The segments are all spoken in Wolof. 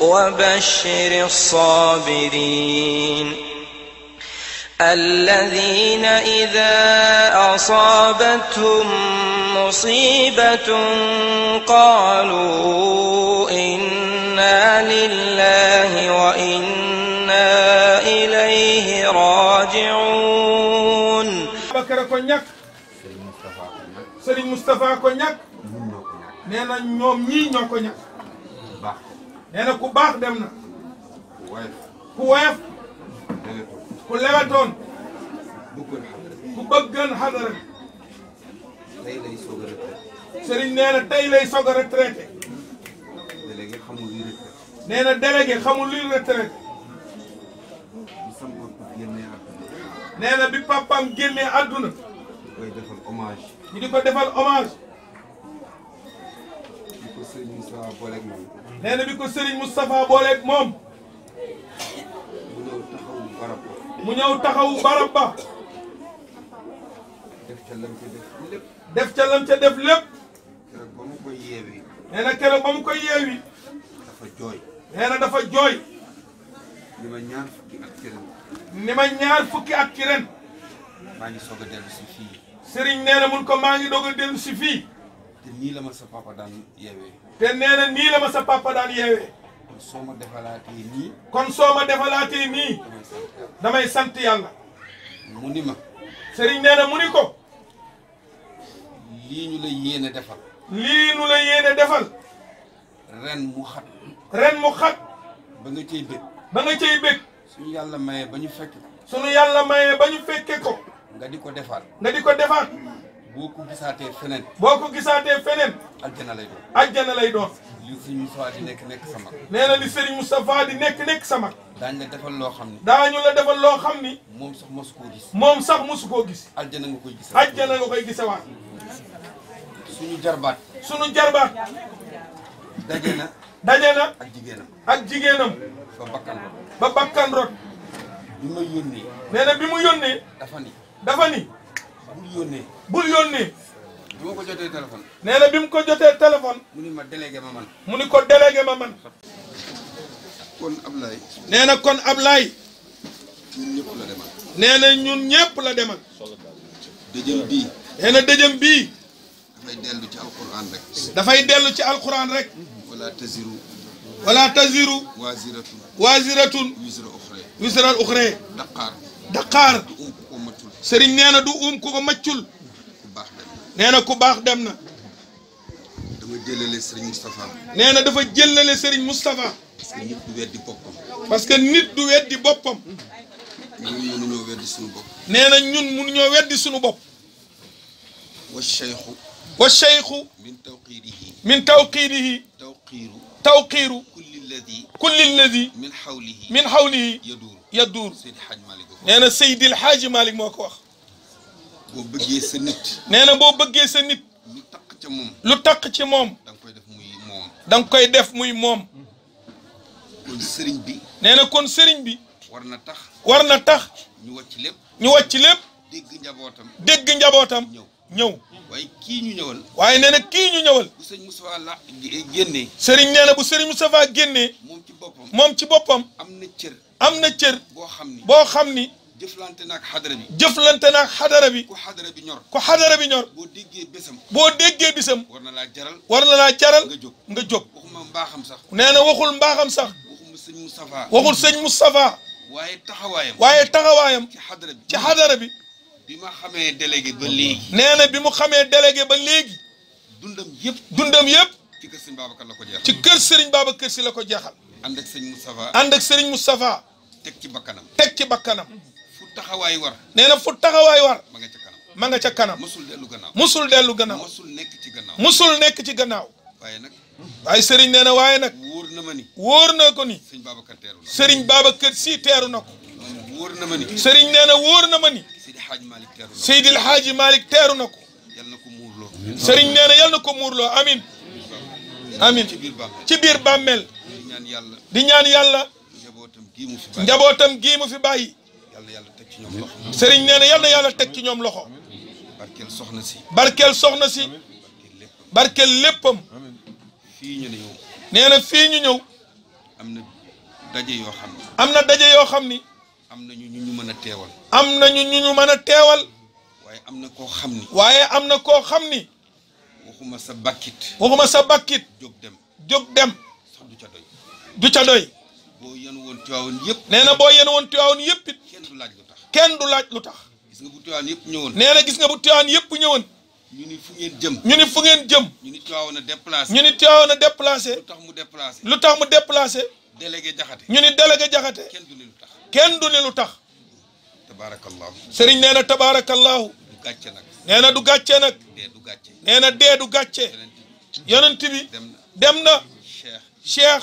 وبشر الصابرين الذين إذا أصابتهم مصيبة قالوا إنا لله وإنا إليه راجعون بكر كونيك سيد مصطفى كونيك نينا نيوم ني نيوم كونيك nee na ku baax dem na. ku woyof. ku woyof. ku lewetoon. ku bëggoon xadara bi. lay soog a retraité. Serigne nee na tey lay soog a retraité. délégué xamul na délégué xamul luy retraité. nee na bi papaam génnee àdduna. ñu koy defal hommage. di ko defal hommage. di ko Serigne Moussa nee na bi ko Serigne Moustapha booleeg moom. mu ñëw taxawu barab mu ñëw taxawu barab ba. def ca lam ca def lépp. def ca lam ca def lépp. keroog ba mu koy yeewi. nee na keroog ba mu koy yeewi. dafa jooy. nee na dafa jooy. ni ma ñaar fukki at ci ni ma ñaar fukki at ci maa ngi soog a dellu si fii. Serigne nee na mun ko maa ngi doog a dellu si fii. te nii la ma sa papa daan yeewee. te nee na nii la ma sa papa daan yeewee. kon soo ma defalaatee nii. kon soo ma defalaatee nii. damay sant yàlla. mu ni ma. Serigne nee na mu ni ko. lii ñu la yéene defal. lii ñu la yéene defal. ren mu xat. ren mu xat. ba nga cay bég. ba nga cay bég. suñu ba ñu fekk. suñu yàlla mayee ba ñu fekke ko. nga di ko defaat. nga di ko defaat. boo ko gisaatee feneen. boo ko gisaatee feneen. aljana lay doon. aljana lay doon. li Serigne Moustapha di nekk nekk sama. nee na li Serigne Moustapha di nekk nekk sama. daañu la defal loo xam ni. daañu la defal loo xam ni. moom sax mosu koo gis. moom sax mosu koo gis. aljana nga koy gis. aljana nga koy gisawaat. suñu jarbaat. suñu jarbaat. daje na. daje na. ak jigéenam. ak jigéenam. ba bakkan rot. ba bakkan rot. bi ma yónnee. nee na bi mu yónnee. dafa ni. dafa ni. bul yónnee. bul yónnee. bi ko jotee téléphone. nee na bi mu ko jotee téléphone. mu ni ma délégué ma man. mu ni ko délégué ma man. kon Ablaye. nee na kon ab lay ñëpp nee na ñun ñëpp la demal. dëjëm bii. nee na dëjëm bi dafay dellu ci alquran rek. dafay dellu ci alquran rek. wala taziru. sëriñ nee na du uum ku ko maccul nee na ku baax dem na dafa jëlale sëriñ Moustapha nee na dafa jëlale sëriñ Moustapha parce que nit du weddi boppam parce que nit du weddi boppam ñun mënuñoo weddi suñu bopp nee na ñun mënuñoo weddi suñu bopp wa cheikhu wa cheikhu min tawqiirihi min tawqiirihi tawqiiru tawqiiru kulli alladi kulli alladi min xawlihi min xawlihi yaduuru يدور نانا سيد الحاج مالك ماكو واخ بو بغي سا نيت نانا بو بغي سا نيت لو تاك تي موم لو تاك تي موم دانكوي ديف موي موم دانكوي ديف موي موم كون سيرين بي نانا كون سيرين بي ورنا تاخ ورنا تاخ ني واتي ليب ني واتي ليب دغ نجابوتام دغ نجابوتام نيو نيو واي كي ني نيوال واي نانا كي ني نيوال بو سيرين مصطفى لا جيني سيرين نانا بو سيرين مصطفى جيني موم تي بوبام موم تي بوبام امنا تير am na cër boo xam ni boo xam ni jëflante naag xadara bi jëflante naag xadara bi ku xadara bi ñor ku xadara bi ñor boo déggee bisam boo déggee bisam war na laa jaral war na laa jaral nga jóg nga jóg waxuma mbaaxam sax nee na waxul mbaaxam sax waxuma sëñ Moustapha waxul sëñ Moustapha waaye taxawaayam waaye taxawaayam ci xadara bi ci xadara bi bi ma xamee délégué ba léegi nee na bi mu xamee délégué ba léegi dundam yëpp dundam yëpp ci kër sëñ Babacar la ko jeexal ci kër sëriñ Babacar si la ko jeexal ànd ak sëñ Moustapha. ànd ak sëriñ Moustapha. teg ci bakkanam. teg ci bakkanam. fu war. nee na fu taxawaay war. ma nga ca kanam ma nga ca kanam. musul dellu gannaaw musul dellu gannaaw. musul nekk ci gannaaw. musul nekk ci gannaaw. waaye nag. sëriñ nee na waaye nag. wóor na ma na ko ni. sëriñ Babacar teeru na sëriñ Babacar si teeru na ko. wóor na ma ni. sëriñ nee na wóor na ma ni. Seydil Hadji Malick teeru teeru na ko. yal na ko muurloo. sëriñ nee na yal na ko muurloo amin amin ci biir bàmmeel ñaan yàlla di ñaan yàlla njabootam gii mu fi bàyyi njabootam gii mu fi bàyyi yàlla yàlla teg ci ñoom loxo sëriñ nee yàlla yàlla teg ci ñoom loxo barkeel soxna si barkeel soxna si barkeel léppam ñu ñëw nee na fii ñu ñëw am na daje yoo xam am na daje yoo xam ni am na ñu ñu ñu mën a teewal am nañu ñu ñu mën a teewal waaye am na koo xam ni waaye am na koo xam ni waxuma sa bakkit waxuma sa bakkit jóg dem jóg dem sax du ca doy du ca doy. boo yéen woon Tiwaawan yëpp. nee na boo yéen woon Tiwaawan yëpp du laaj lutax tax du laaj lu gis nga bu Tiwaawan yep ñëwoon. gis nga bu ñu ni fu ngeen jëm. ñu ni fu ngeen jëm. ñu ni Tiwaawan a déplacé. ñu du ni lutax ken du ni lutax du gatché nak du gatché dé du gatché cheikh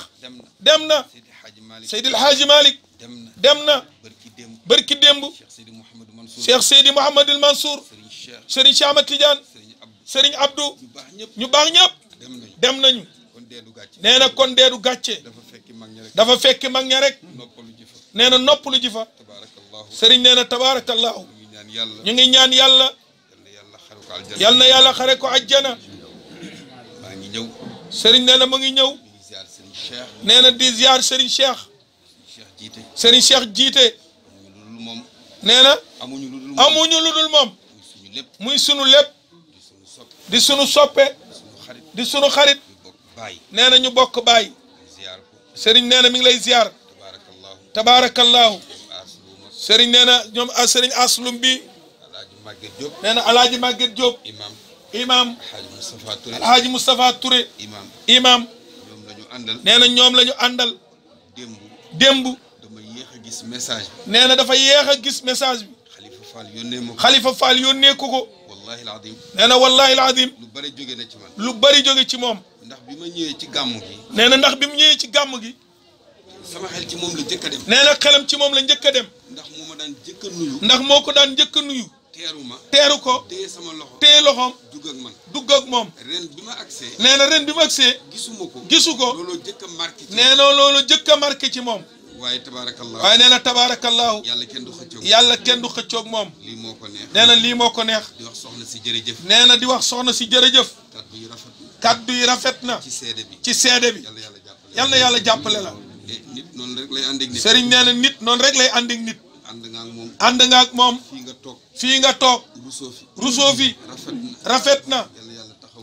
dem na Seydil Hadji Malick dem na barki démb cheikh Seydi Mouhamadul Mansour Serigne Cheikh Ahmad Tidiane Serigne Abdou ñu baax ñëpp dem nañu nee na kon deedu gàcce dafa fekki mag ña rek nee na noppalu ji fa Serigne nee na tabaarakallaahu ñu ngi ñaan yàlla yal na yàlla xare ko àjjana Serigne nee na mu ngi ñëw. nee na di ziar Serigne Cheikh. Serigne Cheikh jiite. nee na amuñu lu dul moom. muy sunu lépp. di sunu soppe. di sunu xarit. nee na ñu bokk baay. Serigne nee na mi ngi lay ziar. tabaarakallahu. Serigne nee na ñoom Serigne aslum bi. nee na El Hadj Maguette Diop. imaam. nee na ñoom lañu àndal. démb. démb. dama yéex a gis message bi. nee na dafa yéex a gis message bi. Khalifa Fall yónnee ma ko. Khalifa Fall ko ko. wallaahi laadim. nee na lu bari jóge na ci man. lu bari jóge ci moom. ndax bi ma ñëwee ci gàmm gi. nee na ndax bi mu ñëwee ci gàmm gi. sama xel ci moom la njëkk dem. nee na xelam ci moom la njëkk a dem. ndax moo a nuyu. ndax moo ko daan njëkk a nuyu. teeru ma teeru ko téye sama loxo téye loxoom dugg ak dugg moom ren bi ma agsee nee na ren bi ma agsee gisuma ko gisu ko loolu jëkk a marqué ci nee na loolu jëkk a marqué ci moom waaye tabaarakallahu waaye nee na tabaarakallahu yàlla kenn du xëccoog yàlla kenn du xëccoog moom lii moo ko neex nee na lii moo ko neex di wax soxna si jërëjëf nee na di wax soxna si jërëjëf kaddu yi rafet kaddu yi rafet na ci seede bi ci seede bi yàlla yàlla jàppale yàlla yàlla jàppale la nit noonu rek lay nit noonu rek lay ànd ak nit ànd nga moom ànd nga toog fii nga toog. rusoo fi rusoo fi. rafet na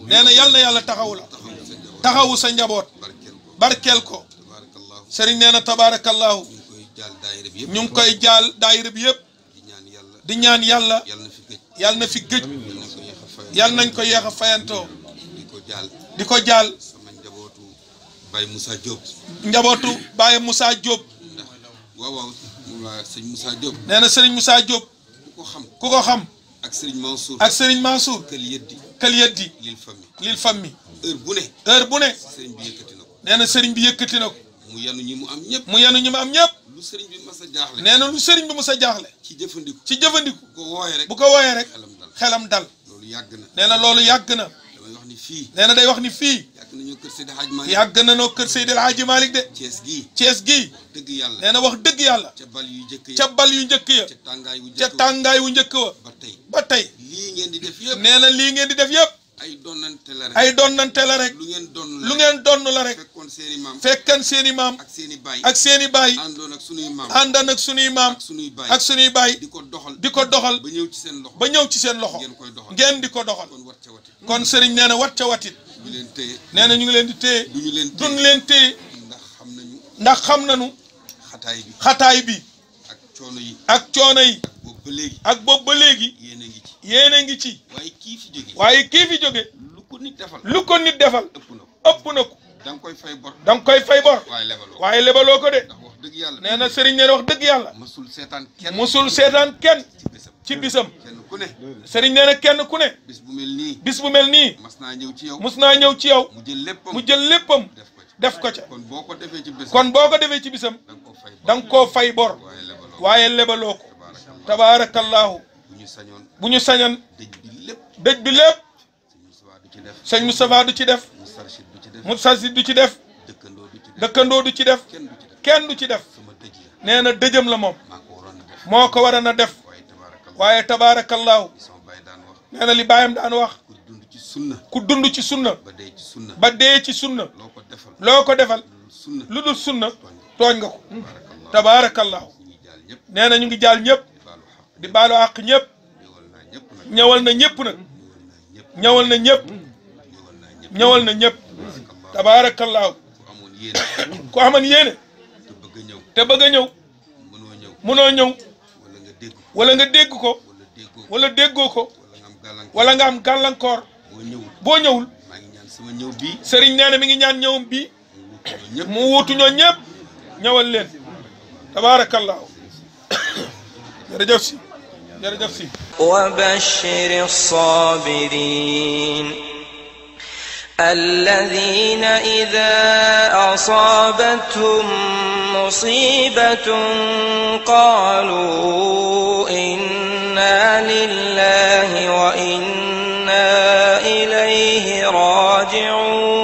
nee na yal na yàlla taxawu la. taxawu sa njaboot. barkeel ko. sëriñ nee na tabaarakallaahu. ñu ngi koy jaal daayira bi yëpp. di ñaan yàlla. yal na fi gëj. yal nañ ko yéex a fayantoo. di ko jaal. Baye Moussa Diop. njabootu Baye Moussa Diop. waaw waaw waaw sëñ Moussa Diop. nee na sëriñ Moussa ku ko xam ku ko xam. ak sëriñ Mansour ak sëriñ Mansour. kël yëddi kël yëddi. lil fammi lil fammi. heure bu ne. heure bu bi yëkkati nee na sëriñ bi yëkkati na ko. mu yanu ñi mu am ñëpp. mu yanu ñi am ñëpp. lu sëriñ bi mës a jaaxle. nee na lu sëriñ bi mës a jaaxle. ci jëfandiku ci jëfandiku. bu ko wooyee rek bu ko wooyee rek. xelam dal xelam dal. loolu yàgg na. nee na loolu yàgg na. fii. nañoo kër Seydi Hadji Malick yàgg nañoo kër Seydi Hadji Malick de Thiès gii Thiès gii dëgg yàlla nee na wax dëgg yàlla ca bal yu njëkk ya ca bal yu njëkk ya ca tàngaay wu njëkk wa ba tey ba tey lii ngeen di def yëpp nee na lii ngeen di def yëpp ay donnante la rek ay donnante la rek lu ngeen donn la rek lu ngeen donn la rek fekkoon seeni maam fekkan seeni maam ak seeni baay ak seeni baay àndoon ak sunuy maam àndoon ak sunuy maam ak sunuy baay ak sunuy di ko doxal di ko doxal ba ñëw ci seen loxo ba ñëw ci seen loxo ngeen koy doxal ngeen di ko doxal kon wat ca watit kon sëriñ nee wat ca watit ñu leen téye nee na ñu ngi leen di téye. duñu leen téye duñu leen téye. ndax xam nañu. ndax xam nañu. xataay bi xataay bi. ak coono yi. ak coono yi. ak boobu ba léegi. ak boobu ba léegi. yéen a ngi ci. yéen a ngi ci. waaye kii fi jóge. waaye kii fi jóge. lu ko nit defal. lu ko nit defal. ëpp na ko ëpp na ko. da nga koy fay bor. da nga koy fay bor. waaye lebaloo ko waaye lebaloo ko de. ndax wax dëgg yàlla. nee na Serigne nee na wax dëgg yàlla. mosul seetaan kenn mosul seetaan kenn. ci bisam kenn ku ne sëriñ na kenn ku ne bis bu mel nii bis bu mel nii mas naa ñëw ci yow mus naa ñëw ci yow mu jël léppam mu jël léppam def ko ca kon boo ko defee ci bisam kon boo ko defee ci bisam da nga koo fay bor waaye lebaloo ko tabaarakallaahu bu ñu sañoon bu ñu sañoon dëj bi lépp dëj bi lépp sëñ Moustapha du ci def Moustarchid du ci def dëkkandoo du ci def kenn du ci def nee na dëjëm la moom moo ko waroon a def waaye tabaarakallaahu nee na li baayam daan wax ku dund ci sunna ba dee ci sunna ba dee ci loo ko defal lu dul sunna tooñ nga ko tabaarakallaahu nee na ñu ngi jaal ñëpp di baalu àq ñëpp ñëwal na ñëpp nag ñëwal na ñëpp ñëwal na ñëpp tabaarakallaahu ku amoon yéene te bëgg a ñëw noo ñëw wala nga dégg ko wala déggoo ko wala nga am gàllankoor boo ñëwul sëriñ nee na mi ngi ñaan ñëwam bi mu wuutu ñoo ñëpp ñëwal leen tabaarakallaahu jërëjëf si jërëjëf si wa bashiri saabiriin الذين إذا أصابتهم مصيبة قالوا إنا لله وإنا إليه راجعون